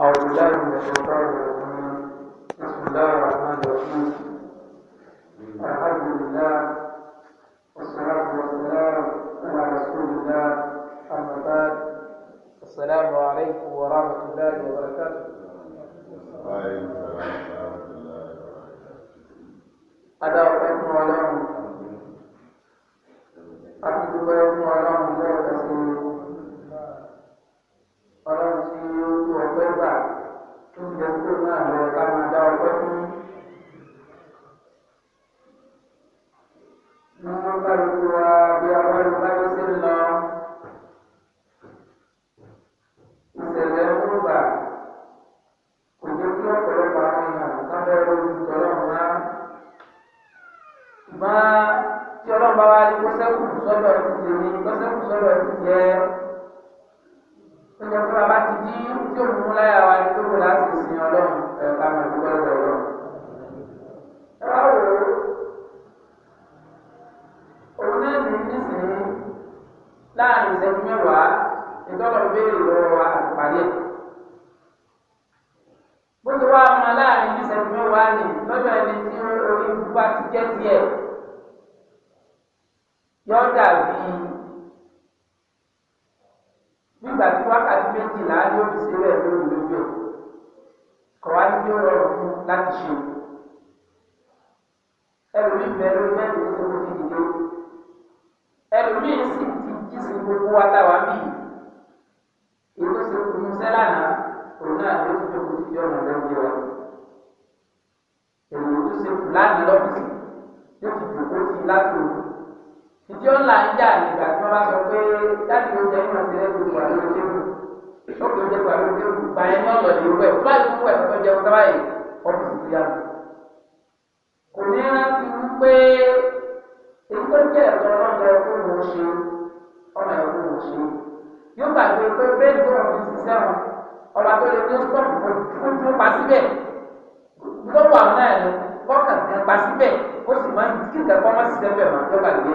أعوذ بالله من الشيطان tí ọlọ́run bá wá ní kọ́sẹ́kù sọ́dọ̀ ti tèmi kọ́sẹ́kù sọ́dọ̀ ti jẹ́ ó jẹ́ pé bàbá ti dín tí ó mú láyà wa ní tó kò láti sin ọlọ́run ẹ̀ka mọ̀ ní gbọ́dọ̀ ọlọ́run. ẹ wá wò ó òun náà ní nísìnyí láàrin ìṣẹ́jú mẹ́wàá ìtọ́lọ̀ béèrè lọ́wọ́ wa àtìpáyé. bó ti wá ọmọ láàrin ìṣẹ́jú mẹ́wàá nì lọ́dọ̀ ẹni tí orí bá ti jẹ́ tiẹ̀ yọ dàbí nígbà tí wákàtí méjìlá yóò fi sílẹ̀ lórí lójú ẹ̀ kọ̀wá ní yóò rọrùn fún láti ṣe ẹlòmíì bẹ́ẹ̀ lórí mẹ́rin tó ń fi dìde ẹlòmíì sì ti jí sí gbogbo wa táwa mí ètò sì kú sẹ́lànà òun náà ló ti dókòó sí ọ̀nà lẹ́yìn rẹ̀ èyí tó ṣe kù láàrin lọ́fíìsì yóò ti dókòó wọ́n là ń jà nígbà tí wọ́n bá sọ pé láti oúnjẹ fún ọ̀sẹ̀ rẹ̀ gbogbo àwọn ọmọdé wù ó kò jẹ́ pàrọ̀ ọmọdé wù báyìí ní ọ̀nà ìlú ẹ̀ fúláì fún ẹ̀ fún ọjọ́ tábàyè ọ̀pọ̀ sì yá. kò ní rántí wú pé èyí tó jẹ́ ẹ̀tọ́ ọlọ́dọ̀ ẹ̀kọ́ mò ń ṣe ọ̀nà ẹ̀kọ́ mò ń ṣe yóò gbàgbé pé bẹ́ẹ̀ tó ọ̀rọ̀ ti ṣiṣẹ́ wọn ọ̀la tó lè ní stọ́ọ̀pù tó pa síbẹ̀ lọ́wọ́ pa síbẹ̀ ó sì máa ń kí nǹkan kan má ṣiṣẹ́ bẹ̀ máa ń tọ́ka lé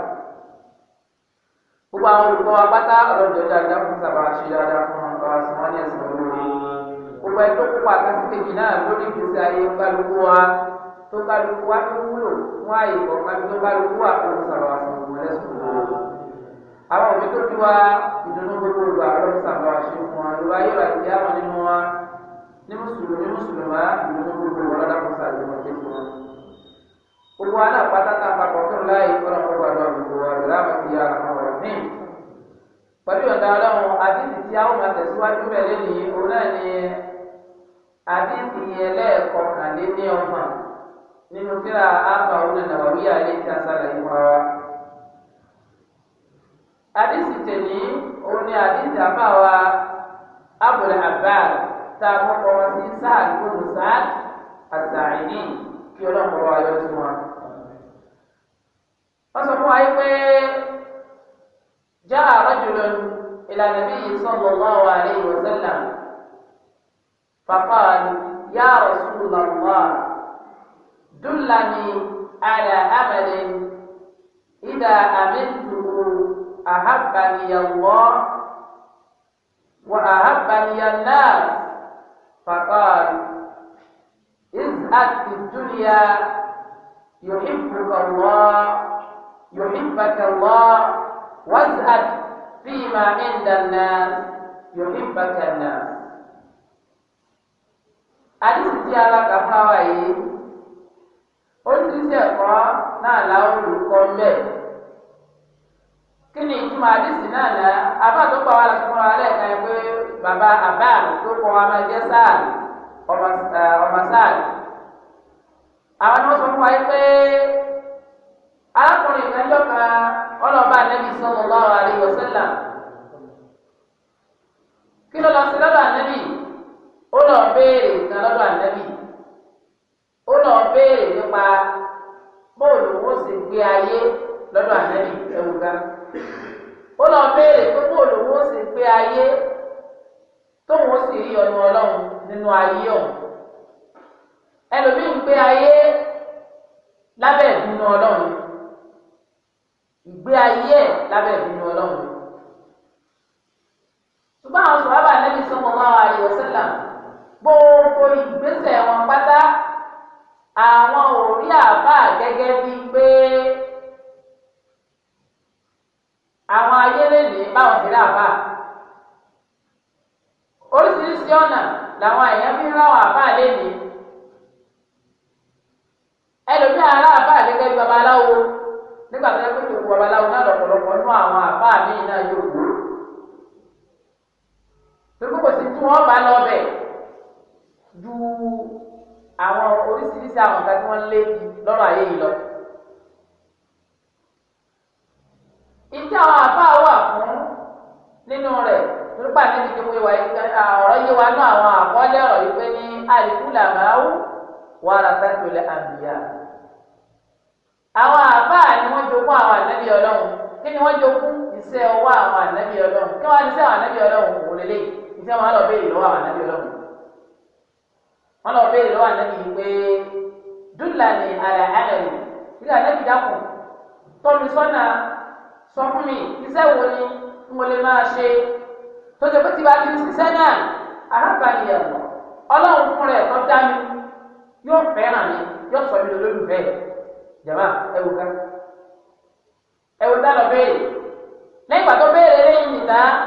gbogbo àwọn olùkọ́ wa pátá ọlọ́jọ́ dáadáa fún sábà ṣe dáadáa fún wọn bá sọ wọn ní ẹ̀sìn olórí gbogbo ẹni tó kópa àkásí kejì náà lórí ìgbésí ayé kálukú wa tó kálukú wa tó wúlò fún ààyè kọ̀ọ̀kan tó kálukú wa kó sábà wà sọ wọn lẹ́sìn olórí àwọn òbí tó ti wá ìdùnnú gbogbo olùkọ́ àlọ́ sábà wà ṣe fún wọn lọ́wọ́ ayé wà ti yá wọn nínú wa ní mùsùlùmí àmì pẹ̀lú ìyọ̀ǹda ọlọ́run àdìsí tí a ó máa tẹ̀síwájú rẹ̀ lónìí òun náà ni àdìsí yẹn ọgbọ̀n nínú tíra ápá òun náà wà tí a sàlàyé fún àdìsí òun ni àdìsí àbá wa Abul tá a kọ́kọ́ جاء رجل إلى النبي صلى الله عليه وسلم فقال يا رسول الله دلني على أمل إذا أمنته أحبني الله وأحبني الناس فقال ازهد في الدنيا يحبك الله يحبك الله وازهد فيما عند الناس يحبك الناس tí alákàfà wa yìí ó ti ṣe Olu náà láwọn olùkọ́ mbẹ́ kí ni ìtumọ̀ àdìsí tó pa wá láti fún pé bàbá abá tó kọ́ wa máa jẹ́ sáàlì ọmọ sáàlì ni fún wa pé kan. ọlọ́ọ̀bá ànábì sallallahu alaihi wasallam kí ló lọ sí lọ́dọ̀ ànábì ó lọ béèrè nǹkan lọ́dọ̀ ànábì ó lọ béèrè nípa bóòlù ó sì gbé ayé lọ́dọ̀ ànábì ẹ̀wù ga ó lọ béèrè pé bóòlù ó sì gbé ayé tóun ó sì rí ọnu ọlọ́run nínú ayé ọ̀hún ẹlòmíì ń gbé ayé lábẹ́ ìdùnnú ọlọ́run ìgbé ayé ẹ̀ lábẹ́ ìbínú ọlọ́run. ṣùgbọ́n àwọn sọ̀rọ̀bà nẹ́bí sọ́mọ́ máa wà yọ sẹ́là gbogbo ìgbésẹ̀ wọn pátá àwọn ò rí àbá gẹ́gẹ́ bíi pé àwọn ayélujára báwọn ti rí àbá oríṣiríṣi ọ̀nà làwọn èèyàn fi ń ráwọn àbá lẹ́yìn. àfáà mi náà yóò wú. torí kò sí tí wọ́n bá lọ bẹ̀ ju àwọn oríṣiríṣi àwọn nǹkan tí wọ́n lé lọ́rọ̀ ayé yìí lọ. ìdí àwọn àfáà wà fún nínú rẹ̀ torí pàṣẹ ti fi wíwá ọ̀rọ̀ yé wa náà àwọn àkọọ́lẹ̀ ọ̀rọ̀ yìí pé ní àìkú làmáwù wàrà sátúlẹ̀ àbíyá àwọn àbá ni wọ́n jogún àwọn ànábì Ọlọ́run kí ni wọ́n jogún iṣẹ́ ọwọ́ àwọn ànábì ọlọ́run kí wọ́n á ní iṣẹ́ àwọn ànábì ọlọ́run òun lélẹ̀ iṣẹ́ wọn á lọ béèrè lọ́wọ́ àwọn ànábì ọlọ́run wọn lọ béèrè lọ́wọ́ ànábì yìí pé dúlà ní àlà àdàlù ilé ànábì dákun tọ́mi sọ́nà sọ fún mi iṣẹ́ wo ni mo lè máa ṣe tó ṣe pé tí bá ti ti iṣẹ́ náà arábàlì ẹ̀wọ̀n ọlọ́run fún rẹ̀ tó dá mi yóò fẹ́ràn mi yóò sọ mi lólùfẹ́ jàmá ẹ̀wò ká ẹ̀wò dá lọ béèrè lẹ́yìn ìgbà tó béèrè lẹ́yìn ìdá ló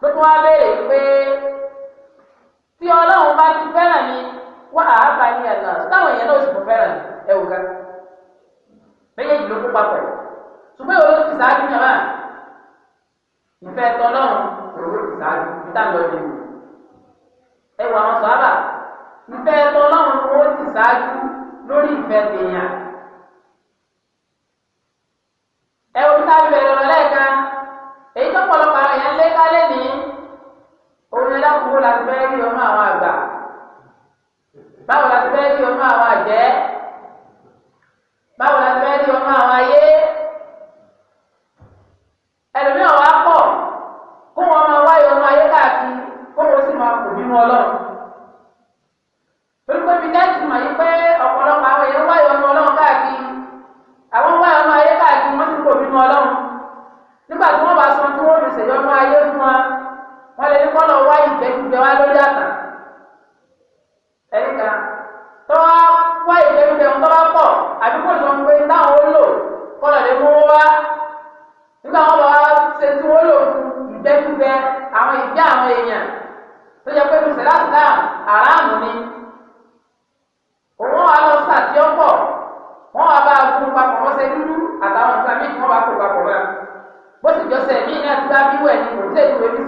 tún wá béèrè pé tí ọlọ́run bá ti fẹ́ràn mi wá àáfà ní ẹ̀dá táwọn èèyàn náà sì kò fẹ́ràn ẹ wò ká méjèèjì ló kó papọ̀ ṣùgbọ́n ìwé ló ti sáájú yẹn máa ìfẹ́ tọ́lọ́run òun ló ti sáájú níta lọ dé ẹ wọ àwọn sọ́ábà ìfẹ́ tọ́lọ́run ó ti sáájú lórí ìfẹ́ tèèyàn ẹ wọ́n ti sáájú ẹ̀rọ lẹ́ẹ̀kan tọ́pọ̀lọpọ̀ àwọn èèyàn lé kálẹ̀ ní òun ni lákòókò láti fẹ́ rí ọmọ àwọn àgbà báwo láti fẹ́ rí ọmọ àwọn àjẹ́ báwo láti fẹ́ rí ọmọ àwọn ayé ẹlòmíràn.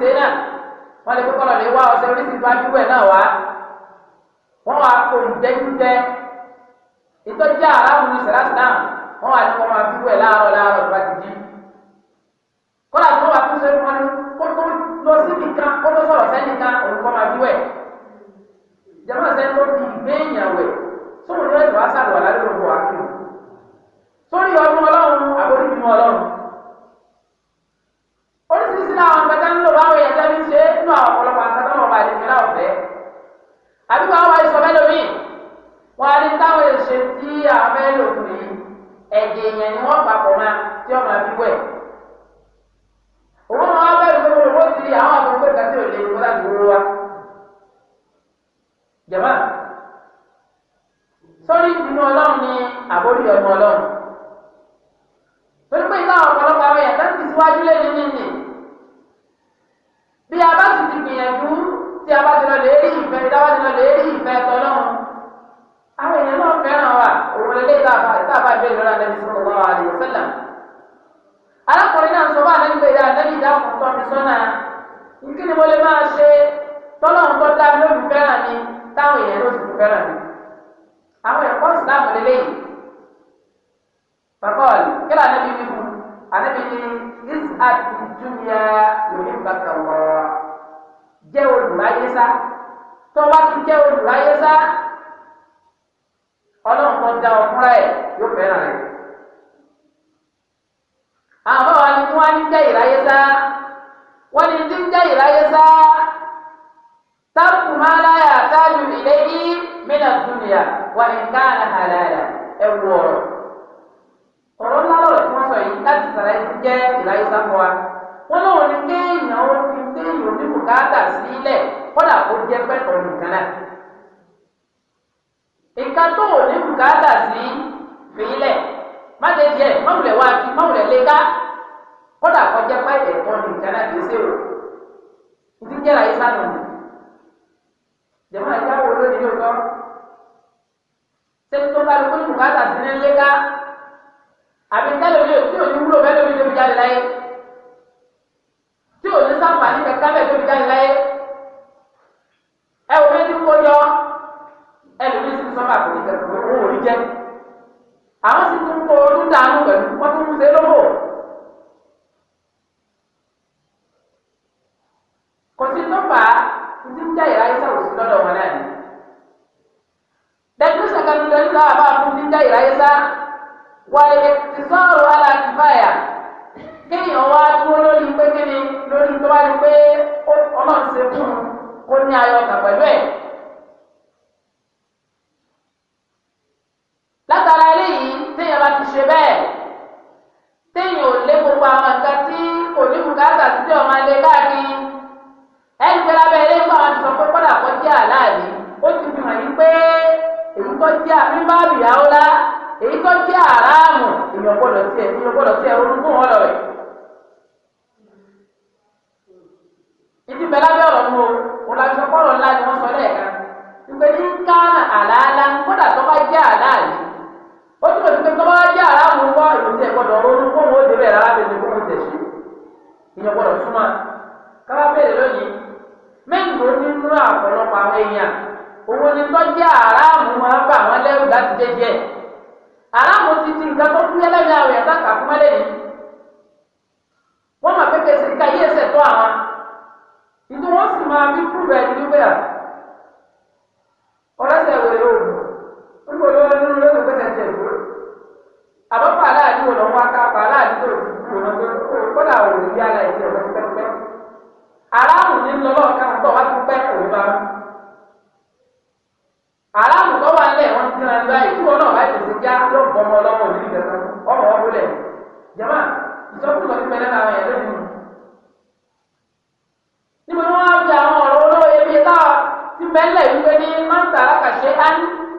ṣe náà wọ́n lè kókọ́ lọ́lẹ̀ wá ọṣẹ oríṣiríṣi ẹ̀ náà wá wọ́n wá kó ìjẹ́jújẹ́ ìtọ́jú aráàlú ìṣẹ̀lásìlá wọ́n wá ní wọ́n máa bíwẹ̀ láàárọ̀ láàárọ̀ tó bá ti jí kọ́lá tó wà tó ṣe fún wọn kó tó lọ síbi kan kó tó sọ̀rọ̀ sẹ́ni kan olùkọ́ máa bí wẹ̀ jẹ́mọ́ sẹ́ni tó fi ìgbéyàn wẹ̀ sóhun ní ọ̀sẹ̀ wá sàlùwà lálẹ́ òun bọ̀ wá kí o sórí ọdún ọlọ́run àbórí ìmọ̀ ọlọ́run. tí a fẹ́ lò fún yìí ẹ̀jẹ̀ èèyàn ni wọ́n papọ̀ máa tí ọmọ àbí wẹ̀. òun máa bẹ́ẹ̀ ló fún owó ti àwọn àkókò ìgbà tí ò lè kó láti wúwo wa. jàmá sórí ìdùnnú ọlọ́run ni àbórí ọmọ ọlọ́run. torí pé ìgbà ọ̀pọ̀lọpọ̀ àwọn èèyàn láti síwájú lé ní nìyí. bí a bá sì ti gbìyànjú tí a bá ti lọ lè rí ìfẹ́ tí a bá ti lọ lè rí ìfẹ́ tọ́lọ́run òun lè dáàbà dáàbà ìbéèrè lọ́la nàbí sọ̀rọ̀ wà á lè sẹ́lẹ̀. arákùnrin náà sọ fún àlẹ́ nígbà ìdá àlẹ́ ìdá ọkùnrin mi sọ́nà nkí ni mo lè máa ṣe tọ́lọ́ nǹkan tá a lóbi fẹ́ràn mi táwọn èèyàn ló fi fẹ́ràn mi. àwọn ẹ̀kọ́ ìsìláàmù lélẹ́yìn. bàbá ọ̀lẹ̀ kí lóò àlẹ́ mi wí fún àlẹ́ mi ní is junior yorùbá bàtà wọ̀ jẹ́ olùráyé sá tọ́wá ti jẹ́ olùráyé sá ọlọ́run tó dá ọ fúnra ẹ̀ yóò fẹ́ràn rẹ̀. àwọn wa ni wọ́n ń jẹ́ ìráyé sá wọ́n ní ti ń jẹ́ ìráyé sá sáàpù máa láyà tájú ilé yìí mílíọ̀n dúnìyà wà ní káàlà àlàyà ẹ̀ wù ọ̀rọ̀. ọ̀rọ̀ ńlá lọ́rọ̀ tí wọ́n sọ yìí láti sàlàyé ti jẹ́ ìráyé sá fún wa wọ́n lọ́wọ́ ni kéèyàn ó fi kéèyàn oníbùkátà sílẹ̀ kọ́dà kó jẹ́ pẹ́tọ́ nìkan náà nǹkan tó wò ní bùkátà sí fìlẹ̀ má lè jẹ mọ́wùlẹ̀ wá kí mọ́wùlẹ̀ lè ká kódà kọjá pé ẹ̀kọ́ ní nǹkan náà kìí ṣèrò ìdí jẹ́ra yìí sánú ni jẹ̀mọ́ ẹ̀já wo ló ní lóòótọ́ ṣé tó bá lóko ní bùkátà sí ní lè ká àbí tẹ́lẹ̀ mi ò tí ò ní wúlò bẹ́ẹ̀ lómi lómi jáde láyé tí ò ní sáfà ní kẹ̀kẹ́ bẹ́ẹ̀ lómi jáde láyé ẹ wò òun ò rí jẹ àwọn sì tún kó ọdún dànù pẹ̀lú tó jẹ́ aráàmù máa ń bà wọ́n lẹ́rù láti jẹ́jẹ́ aráàmù ti ti nǹkan tó kú àwẹ̀ ẹ̀ká kàkúmọ́lẹ́yìn Abraham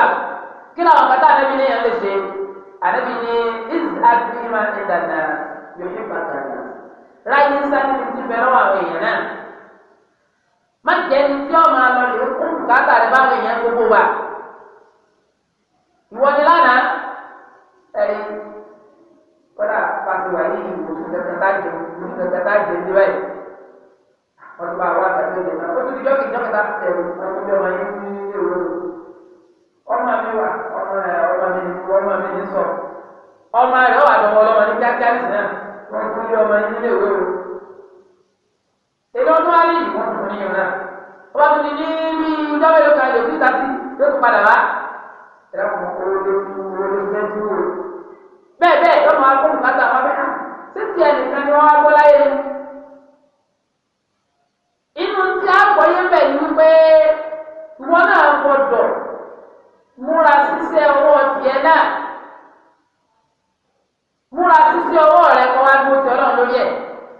àdúrà kí làwọn kàtà ànábì ní yẹn lè ṣe ànábì ní is adima ìdàdà yóò fi bàtà náà ráyé sáré ní ti bẹ̀rẹ̀ wà wọ̀nyẹn náà má jẹ́ ní tí ó máa lọ lè kún kàtà rẹ̀ bá wọ̀nyẹn gbogbo wa ìwọ ni lánàá ẹ̀rí kọ́lá pàṣẹwà yìí ìwòsàn kẹkẹtà jẹ ìwòsàn kẹkẹtà jẹ ní báyìí ọdún bá wà láti ọdún náà ó tún ti jọ́ kìí jọ́ kẹta tẹ̀wé ọdún bẹ́ẹ̀ máa ń ní èrò ọmọ mi wà ọmọ rẹ ọmọ mi ọmọ mi ní sọ ọmọ rẹ wà lọ́wọ́ ọlọ́mọ ní kíákíá sí náà wọ́n kú lé ọmọ yín nílé ìwé o. èdè ọdún alẹ́ yìí wọ́n tún ní yàn náà wọ́n tún ní ní ìjọba yóò kalẹ̀ òbí tàbí yóò padà wá. ẹ̀rọ mọ̀ owó lé owó lé fẹ́ tí wò. bẹ́ẹ̀ bẹ́ẹ̀ ọmọ akóhùn kátà wọn bẹ́ẹ̀ ah, ọkùnrin náà múra sísí ọwọ́ rẹ kọ́ wá gbó ọlọ́run lórí ẹ̀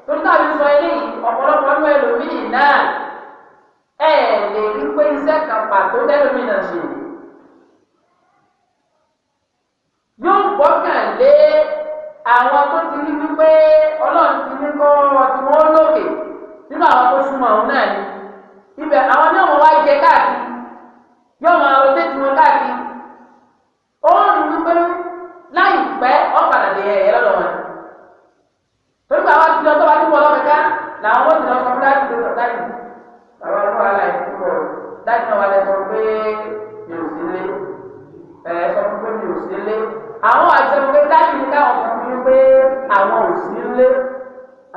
torí táwọn fi eléyìí ọ̀pọ̀lọpọ̀ ọdún ẹlòmíì náà ẹ lè rí pé iṣẹ́ kan pàtó tẹ́lómi náà ṣe yóò gbọ́kàn lé àwọn tó ti rí wípé ọlọ́run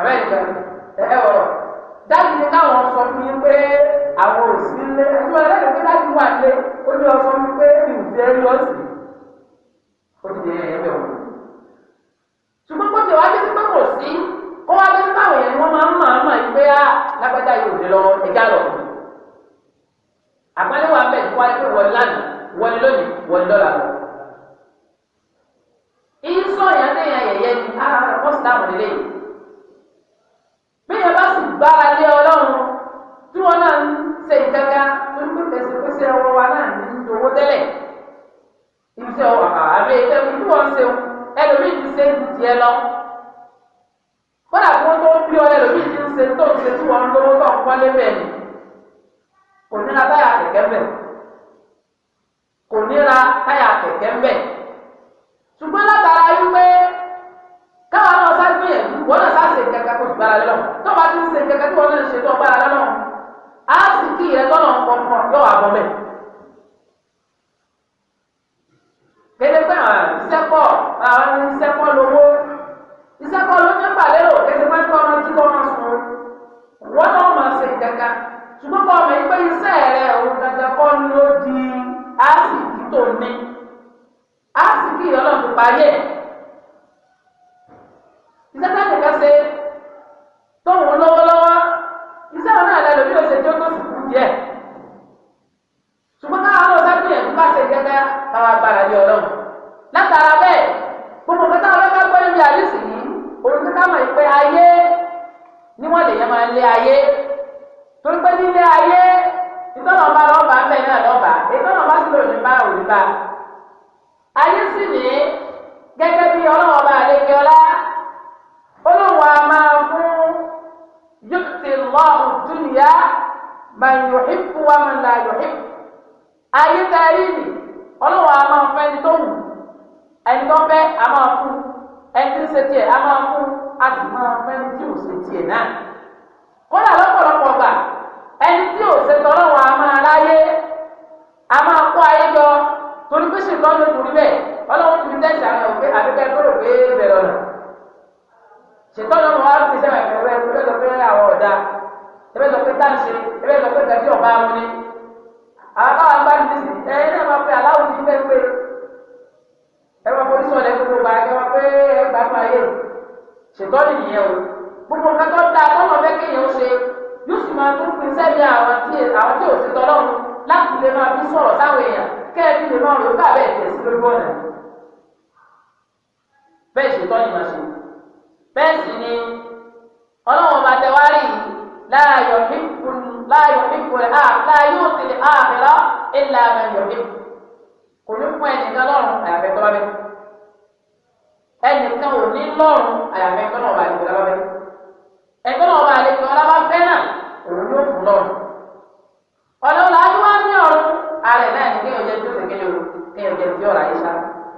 àbẹ́ ìgbà ẹ ọ̀rọ̀ dájú ni káwọn sọ fún yín pé àwọn òsì ńlẹ̀ ẹ̀dùn ẹlẹ́dẹ̀ pé dájú wà lé ó ní ọ sọ fún pé ìwúdẹ yọ sí ó ti dẹ̀ ẹ̀ bẹ̀ wọ̀. ṣùgbọ́n kó tiẹ̀ wá dé sí pé kò sí kó wá dé sí báwọn yẹn ni wọ́n máa ń mọ̀ ọ́n mọ̀ yín pé á ah, lágbájá yóò dé lọ ẹja lọ. àpẹẹrẹ wa bẹ̀ wá pé wọlé lánàá wọlé lónìí wọlé lọ́la lọ. ìyín sọ̀yàn lẹ́yìn gbára lé ọlọ́run tí wọ́n náà ń ṣe ìkaka onípò tẹ̀síkúṣe ọwọ́ wa náà ní ìdòwò tẹ́lẹ̀ ìṣe àbẹ̀ ìtẹ́kùn tí wọ́n ń ṣe ẹlòmíì ti ṣe ju tiẹ̀ lọ. kódà kó tó ń bí ọ ẹlòmíì ti ń ṣe tó ń ṣe tí wọ́n ń lówó tó ń kọ́lé bẹ́ẹ̀ ni kò níra táyà kẹ̀kẹ́ bẹ̀ kò níra táyà kẹ̀kẹ́ bẹ̀ ṣùgbọ́n látara yí pé káwọn náà sá gbìyànjú wọ́n náà sá ṣe kẹ̀kẹ́ tí wọ́n náà ṣe tó ọgbà lọ́nà á sì kí ìyẹn tọ́nà ń pọ̀ pọ̀ yóò wà bọ̀ bẹ́ẹ̀. lò ní bá òní bá ayé sì ní gẹ́gẹ́ bí ọlọ́run ọba àlejò ọlá olóhùn a máa fún yókùtì lọ́ọ̀hún dúnìyá màá yòóhìn fún wa màá là yòóhìn ayé tá a yí nìí ọlọ́wọ́ a máa fẹ́ ẹni tó wù ẹni tó fẹ́ a máa fún ẹni tí ṣe tiẹ̀ a máa fún a sì máa fẹ́ ẹni tí ò ṣe tiẹ̀ náà kódà lọ́pọ̀lọpọ̀ gbà ẹni tí ò ṣe tọ́lọ́wọ́ a máa ráyé a máa kó ayé jọ torí pé ṣètò ọ̀nà kò rí bẹ́ẹ̀ ọlọ́run ti fi tẹ́sí àwọn òfin àbíkẹ́ tó rò pé bẹ̀rẹ̀ ọ̀nà ṣètò ọ̀nà wọn á fi sẹ́wà ìfẹ́ ẹgbẹ́ lọ pé àwọn ọ̀dà ẹgbẹ́ lọ pé táǹṣe ẹgbẹ́ lọ pé gàdí ọ̀bá mu ni àbá àbá ní ti ẹ ẹ náà máa pé aláwọ̀ ti fẹ́ pé ẹ máa forí sọ̀lẹ̀ gbogbo gbà ẹ máa pé ẹ gbà fún ayé ṣètò ọ̀nà ìyẹn o gbogbo nǹkan tó dáa tọ́lọ̀ fẹ́ kéèyàn ṣe yóò sì máa tún pin sẹ́ni àwọn tí ò sí tọ́lọ́run láti lè máa fi sọ̀rọ̀ sáwọn èèyàn kẹ́ẹ̀kí lè máa rò ó káàbẹ̀ ìtẹ̀sí lójú ọ̀nà. bẹ́ẹ̀ ṣe tọ́ ni màá ṣe bẹ́ẹ̀ sì ni ọlọ́run máa tẹ wá rí i láàyò nípò rẹ̀ láàyò òtẹ̀lẹ̀ àbẹ̀rẹ̀ ìlà àbẹ̀yọ̀ nípò kò ní fún ẹnìkan lọ́rùn àyàfẹ́ tọ́lá bẹ́ẹ̀ ẹnìkan ò ní lọ́rùn àyàfẹ́ tọ́lá bẹ́ẹ̀ ẹ̀tọ́ náà wà lẹ́kọ̀ọ́ lábá fẹ́ náà òun yóò fún lọ́rùn rẹ̀ náà ní kéèyàn jẹ́ tó kékeré o kéèyàn jẹ́ tí ọ̀rọ̀ àyíṣá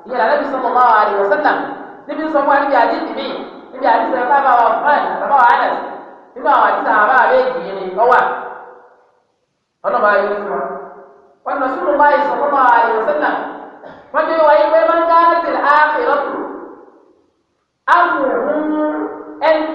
ìyẹn lànà bí sọ́mọ́ máa wà ní wọ́sẹ́lá níbi sọ fún wa níbi àdé tìmí níbi àdé sọ fún àwọn fúnẹ̀ àbá wa ànà nínú àwọn àdé sàn àbá àbẹ́ èjì yìí ni ọwà ọ̀nà máa yọ fún wa wọn nà sùnmù máa sọ fún wa ní wọ́sẹ́lá wọn ti wáyé pé máa ń ká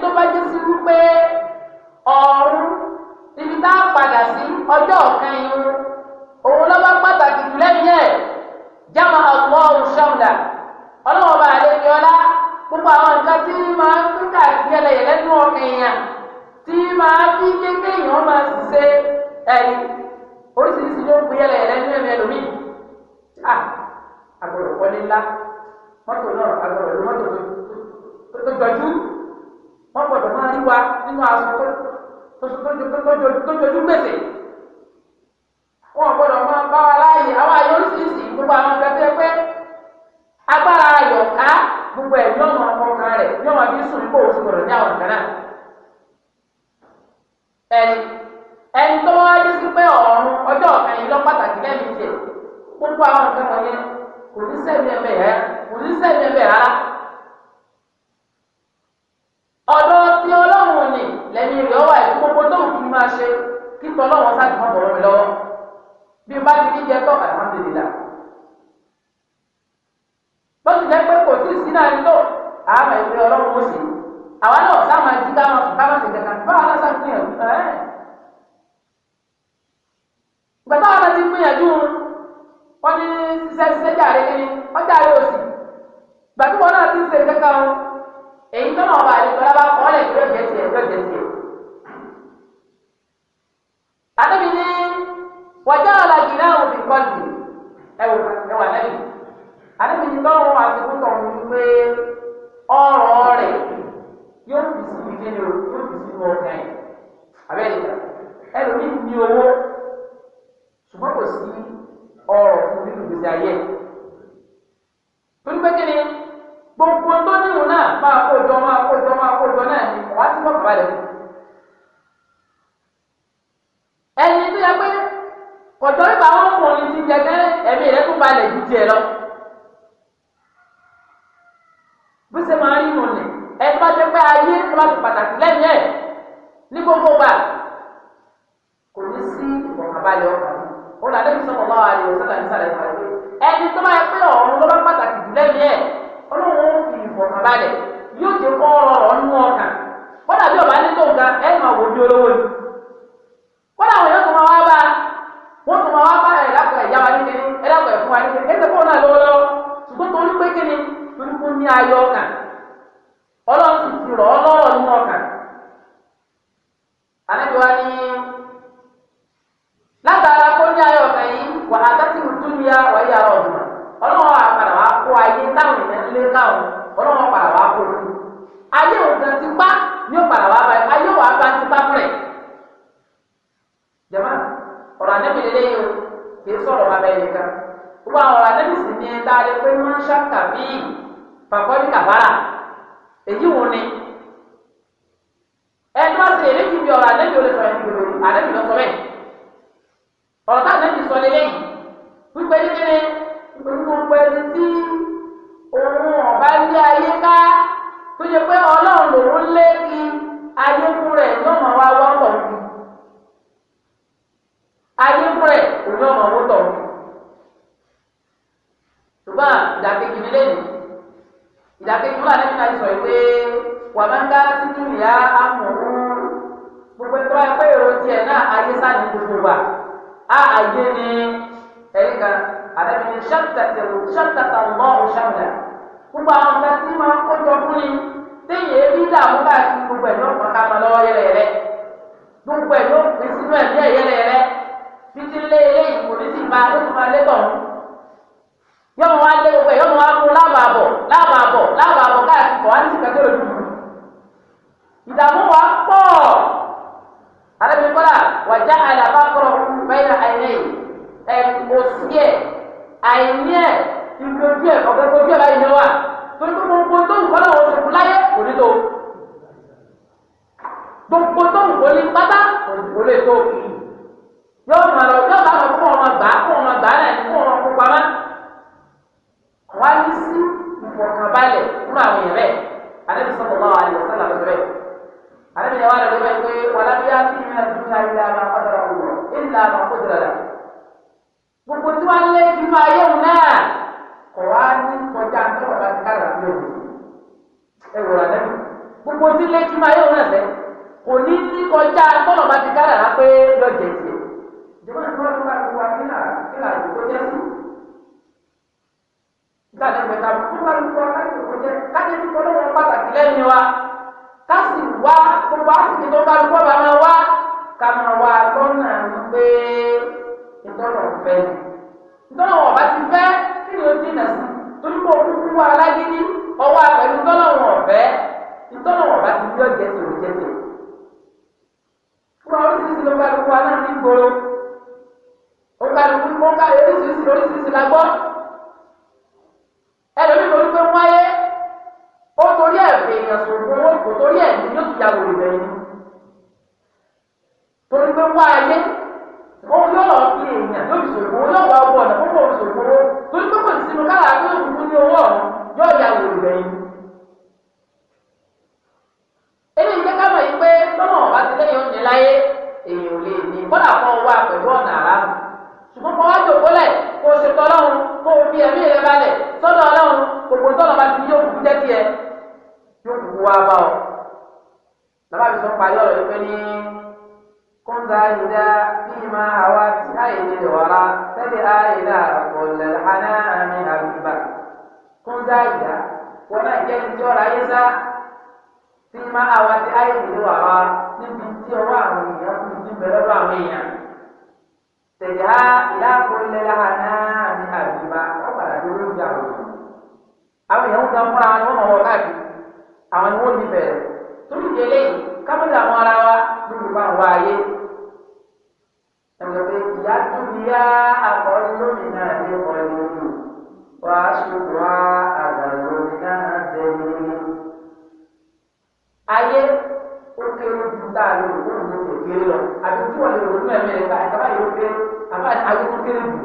ọ̀rọ̀ fún nínú gbèsè ayé torípé kí ni gbogbo tó níhùn náà máa kó jọ máa kó jọ máa kó jọ náà ni wàá sí fọ́ọ̀mù balẹ̀ ẹni tó yẹ pé kọ̀tọ́ ìgbà wọn kò ní ti jẹ gẹ́rẹ́ ẹ̀mí rẹ̀ tó balẹ̀ ju tiẹ̀ lọ bí ṣe máa rí nù ní ẹni bá jẹ pé ayé tó bá ti pàtàkì lẹ́yìn ẹ̀ ní gbogbo gbà kò ní sí ìfọ̀kànbalẹ̀ ọkàn òun làdé mi sọ̀rọ̀ lọ́wọ́ àyè òsèlè nísàlẹ̀ ìsàlẹ̀ ẹni tó bá yẹ pé ọ̀run ló bá pàtàkì jù lẹ́yìn ẹ̀ olóhùn ó fi ìfọ̀kàn balẹ̀ yóò ti kọ́ ọ̀rọ̀ nínú ọkàn kódà bí ọba ní tó ga ẹ máa wò ní olówó ni kódà àwọn yóò tó máa wá bá wọn tó máa wá bá ẹ lápò ẹ̀yá wa níbi ẹ lápò ẹ̀ fún wa níbi ẹ sẹ́kọ̀ọ́ náà lọ́wọ́ lọ́wọ́ ṣùgbọ́n tó ní pé kí ni torí kó ní ayọ̀ ọkàn ọlọ́run ti rọ̀ ọ́ lọ́wọ́ nínú ọkàn. àlejò wa ní kọ̀nàńgá títí ìyá amòhún gbogbo ẹgbẹ́ wa pé èrò tiẹ̀ náà ayé sáni gbogbo wa á ayé ni ẹ̀rí kan àdàbí ni ṣàtàtàrò ṣàtàtàmọ́ ọ̀ṣàmìlà gbogbo àwọn kan tí máa ń kójọ fún ni téèyàn èrí dààmú káàkiri gbogbo ẹ̀ lọ́pọ̀ ká máa lọ́wọ́ yẹlẹyẹlẹ gbogbo ẹ̀ ló fi sínú ẹ̀ díẹ̀ yẹlẹyẹlẹ títí lé eléyìí kò ní sì máa ló fi máa lé tọ̀hún yọ̀ọ̀ ìdààmú wa pọ̀ alábìnrin kọ́lá wàjá àlàbàkọ̀rọ̀ bẹ́ẹ̀ àìní ẹ̀ òsì ẹ̀ àìní ẹ̀ ìdójú ẹ̀ ọ̀gẹ́gọ́jú ẹ̀ báyìí ni wà torí pé gbogbo tó ń kọ́lá wọn ṣùkú láyé kò ní tó gbogbo tó ń kọ́lé pátá kò lè tó yóò máa lọ yóò bá wọn kó wọn gbà kó wọn gbà náà kó wọn kó pamá wá ní sí ìfọ̀kànbalẹ̀ fún àwọn èèyàn alẹ́ bí sọ́kọ̀ bá wà á lè sọ́kọ̀ bẹ́ẹ̀ ale bɛ wale bɛ ko wala bi a ti mina dunuya ila ma kɔdara o ma ila ma kɔdara la gbogbo tí wọn lé juma yóò náà kò wá ní kọjá ní bàbá ti ká làbí o ẹ wòrán lẹ gbogbo tí lé juma yóò náà sẹ kò ní ní kọjá tọ́lọ̀ bá ti ká làbá pé yọ jẹ tiẹ̀ jọba ní wọn bá wà nílà nílà ìdókò jẹ sí nígbà tó ń bẹ ká ló wọn bá wà nílà ìdókò jẹ kájé ní kọlọ́wọ́ pàtàkì lẹ́yìn wa kásì wá gbogbo àsìkò tó bá gbọ́ bá máa wá ká máa wá lọ́nà pé ìtọ́nà ọ̀fẹ́ ìtọ́nà ọ̀bá ti fẹ́ kí ni ó dínà sí torí pé òkú fún wa alágídí ọwọ́ àpẹ̀lú ìtọ́nà ọ̀fẹ́ ìtọ́nà ọ̀bá ti fi ọ̀jẹ̀ tó lè jẹ́ tẹ̀. fún wa oríṣiríṣi ló bá gbogbo wa náà ní gbòòrò ó bá gbogbo ó bá oríṣiríṣi lóríṣiríṣi la gbọ́. àwọn èèyàn kú ní bẹ̀rẹ̀ lọ́dọ̀ àwọn èèyàn. Tẹ̀já ìdáàbò ilẹ̀ láha náà ní àdìbá wọ́n padà dé orí ìjà àwọn èèyàn. Àwọn èèyàn ń ga fúnra wọn ni wọ́n mọ̀ wọ́n káàkiri. Àwọn ni wọ́n ní bẹ̀rẹ̀. Torí ìdílé yìí, àwọn ara wa lórí ìbá wa ayé. Ẹ̀mọ̀lẹ́pẹ̀ ìyá tóbi yá akọ̀ọ́lẹ́ lónìí náà ní ọ̀rẹ́ lónìí. Wàá ṣubú wá àgbà lónìí náà tẹ̀lé ó kéré ju tá a lè rò ó lè rò kéré lọ àbí tí wọn lè rò nínú ẹ̀mí ẹ̀ka ẹ̀ka báyìí ó kéré àbá àbí tó kéré jù.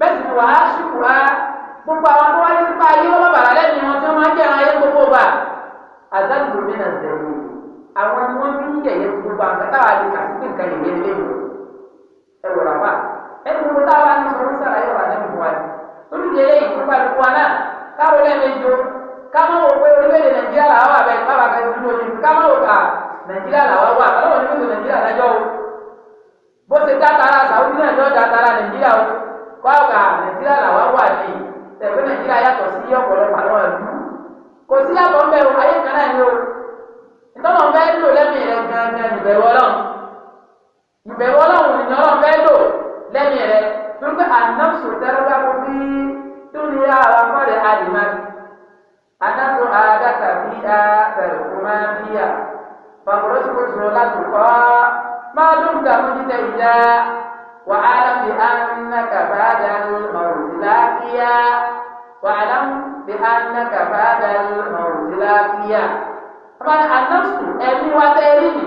bẹ́ẹ̀ sì ni wàá ṣùkú á gbogbo àwọn tó wáyé nípa ayé wọn bàbá lẹ́nu wọn tí wọ́n máa jẹ́ àwọn ayé gbogbo wa àdánù mi nà zẹ̀wò àwọn ni wọ́n fi ń yẹ̀yẹ́ gbogbo àwọn kẹta wa lè kà sí pé nǹkan yẹ̀yẹ́ lé mi ẹ wọ̀ làwà ẹni gbogbo táwa bá ní sọ ní sàlàyé ọ̀rọ̀ àdánù wa ni olùdíyẹ lẹ́yìn nípa ìlú káwọn lẹ́ẹ̀mejò káwọn nàìjíríà làwa wà ọlọ́run ní gbogbo nàìjíríà lájọ́ o bó ṣe dátara sàwùdí náà ní ọ̀dà tara nàìjíríà o kọ́ọ̀gà nàìjíríà làwa wà ní tẹ̀gbẹ́ nàìjíríà yàtọ̀ sí ọ̀pọ̀lọpọ̀ àwọn ìlú kò sí yàtọ̀ mbẹ́ o ayé kan náà ni o ìtọ́nà mbẹ́ lò lẹ́mìí rẹ gangan ìbẹ̀rù ọlọ́run ìbẹ̀rù ọlọ́run ni ọlọ́run mbẹ́ lò lẹ́mìí rẹ torí pé ànáṣọ tẹ́lẹ́gbẹ́ kó bí tó ní ara fọ́ọ̀rẹ́ àdìmá ànáṣọ a fẹ̀rù فامرسك رسولك ما دمت مجتهدا واعلم بانك بعد الموت لاقيا واعلم بانك بعد الموت لاقيا طبعا النفس ẹni wa tẹ́rí ni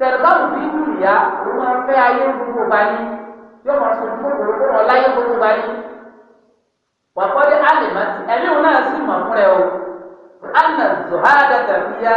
tẹ̀lébáwò bí dùnìyà òun máa ń fẹ́ ayé gbogbo bani yóò máa sọ fún òun kó wọn gbogbo bani wà kọ́ dé alẹ́ mọ́tì ẹni òun náà sì mọ̀ fún rẹ o anna zuhada tafiya.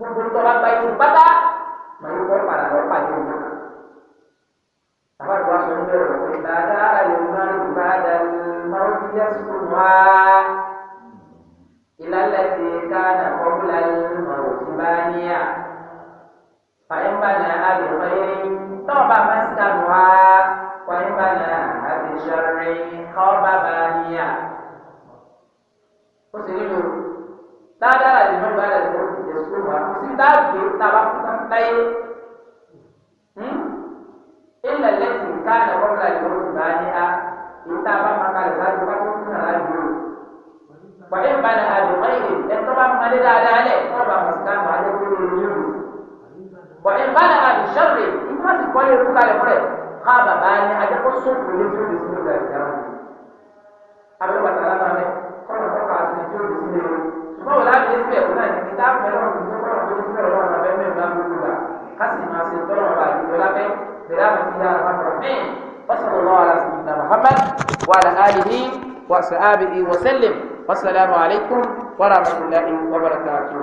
gbogbo tọ́ba gba ìlú pátá màá yóò kọ́ padà lọ́ọ́ pàdé òun náà. Bàbá àgbà sọ ní bẹ̀rẹ̀ pé dada àlè máa ń bá dàní máa ń yẹ sùn wá. Ìlànà ti ká nà kọ́kúlà yín máa ò ti bá ní à. تركت الطير إلا التي كان قبل الموت بانئا يتابع مكان ذلك فتكون رجل وإن بناها بغير يتبع مالي على عليه طبعا مسكان على كل يوم وإن بناها بشر إن ما تقول يقول على فريق خاب باني أجل أصول بليتو بسم الله الرحمن الرحيم أبدا ما تعالى ما عليه كل ما تقع على بسم الله سبحان الله بالنسبة لنا الكتاب من خلافة الله الرحمن وصلى الله على سيدنا محمد وعلى آله وصحابه وسلم والسلام عليكم ورحمة الله وبركاته